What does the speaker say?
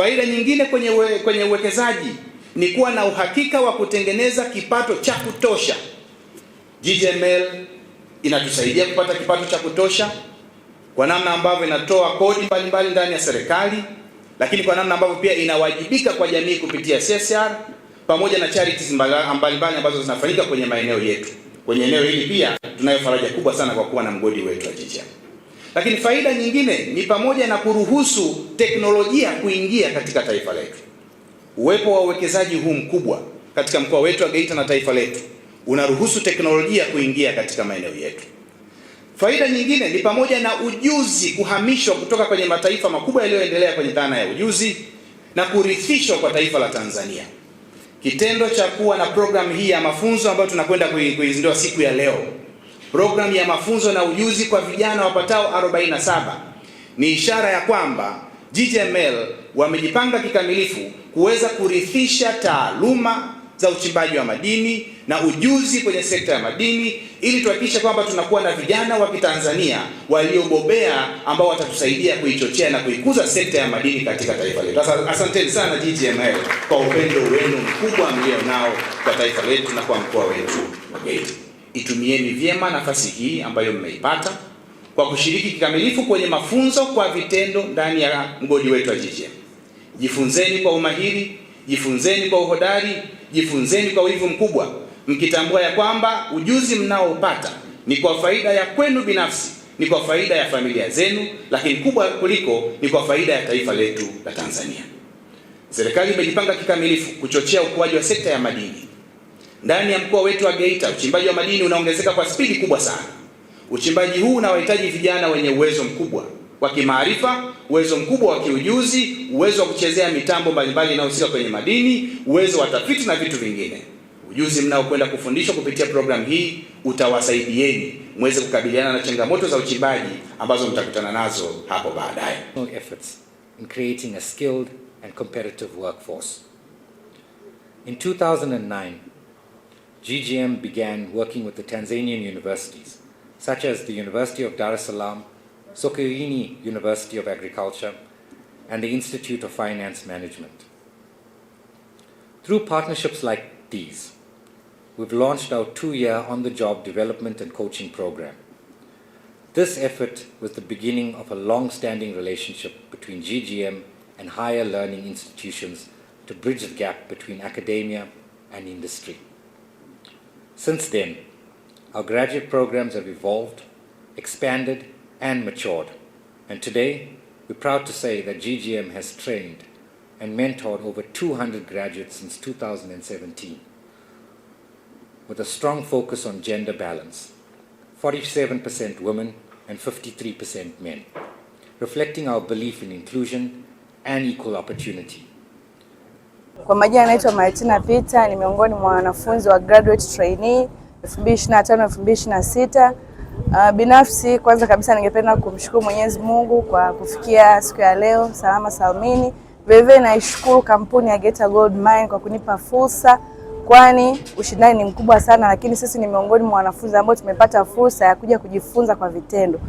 Faida nyingine kwenye we, kwenye uwekezaji ni kuwa na uhakika wa kutengeneza kipato cha kutosha. GGML inatusaidia kupata kipato cha kutosha kwa namna ambavyo inatoa kodi mbalimbali ndani ya serikali, lakini kwa namna ambavyo pia inawajibika kwa jamii kupitia CSR pamoja na charities mbalimbali ambazo zinafanyika kwenye maeneo yetu. Kwenye eneo hili pia tunayo faraja kubwa sana kwa kuwa na mgodi wetu wa GGML. Lakini faida nyingine ni pamoja na kuruhusu teknolojia kuingia katika taifa letu. Uwepo wa uwekezaji huu mkubwa katika mkoa wetu wa Geita na taifa letu unaruhusu teknolojia kuingia katika maeneo yetu. Faida nyingine ni pamoja na ujuzi kuhamishwa kutoka kwenye mataifa makubwa yaliyoendelea kwenye dhana ya ujuzi na kurithishwa kwa taifa la Tanzania. Kitendo cha kuwa na programu hii ya mafunzo ambayo tunakwenda kuizindua siku ya leo programu ya mafunzo na ujuzi kwa vijana wapatao 47 ni ishara ya kwamba GGML wamejipanga kikamilifu kuweza kurithisha taaluma za uchimbaji wa madini na ujuzi kwenye sekta ya madini ili tuhakikishe kwamba tunakuwa na vijana wa Kitanzania waliobobea ambao watatusaidia kuichochea na kuikuza sekta ya madini katika taifa letu. Asanteni sana GGML kwa upendo wenu mkubwa mlio nao kwa taifa letu na kwa mkoa wetu wa Geita. Itumieni vyema nafasi hii ambayo mmeipata kwa kushiriki kikamilifu kwenye mafunzo kwa vitendo ndani ya mgodi wetu wa JJM. Jifunzeni kwa umahiri, jifunzeni kwa uhodari, jifunzeni kwa wivu mkubwa, mkitambua ya kwamba ujuzi mnaoupata ni kwa faida ya kwenu binafsi, ni kwa faida ya familia zenu, lakini kubwa kuliko ni kwa faida ya taifa letu la Tanzania. Serikali imejipanga kikamilifu kuchochea ukuaji wa sekta ya madini ndani ya mkoa wetu wa Geita uchimbaji wa madini unaongezeka kwa spidi kubwa sana. Uchimbaji huu unawahitaji vijana wenye uwezo mkubwa wa kimaarifa, uwezo mkubwa wa kiujuzi, uwezo wa kuchezea mitambo mbalimbali inayohusika kwenye madini, uwezo wa tafiti na vitu vingine. Ujuzi mnaokwenda kufundishwa kupitia programu hii utawasaidieni mweze kukabiliana na changamoto za uchimbaji ambazo mtakutana nazo hapo baadaye. Efforts in creating a skilled and competitive workforce. In 2009, GGM began working with the Tanzanian universities, such as the University of Dar es Salaam, Sokoine University of Agriculture, and the Institute of Finance Management. Through partnerships like these, we've launched our two year on the job development and coaching program. This effort was the beginning of a long standing relationship between GGM and higher learning institutions to bridge the gap between academia and industry. Since then, our graduate programs have evolved, expanded, and matured. And today, we're proud to say that GGM has trained and mentored over 200 graduates since 2017, with a strong focus on gender balance 47% women and 53% men, reflecting our belief in inclusion and equal opportunity. Kwa majina anaitwa Martina Peter, ni miongoni mwa wanafunzi wa graduate trainee 2025 2026. Uh, binafsi kwanza kabisa ningependa kumshukuru Mwenyezi Mungu kwa kufikia siku ya leo salama salmini. Vilevile naishukuru kampuni ya Geita Gold Mine kwa kunipa fursa, kwani ushindani ni mkubwa sana, lakini sisi ni miongoni mwa wanafunzi ambao tumepata fursa ya kuja kujifunza kwa vitendo.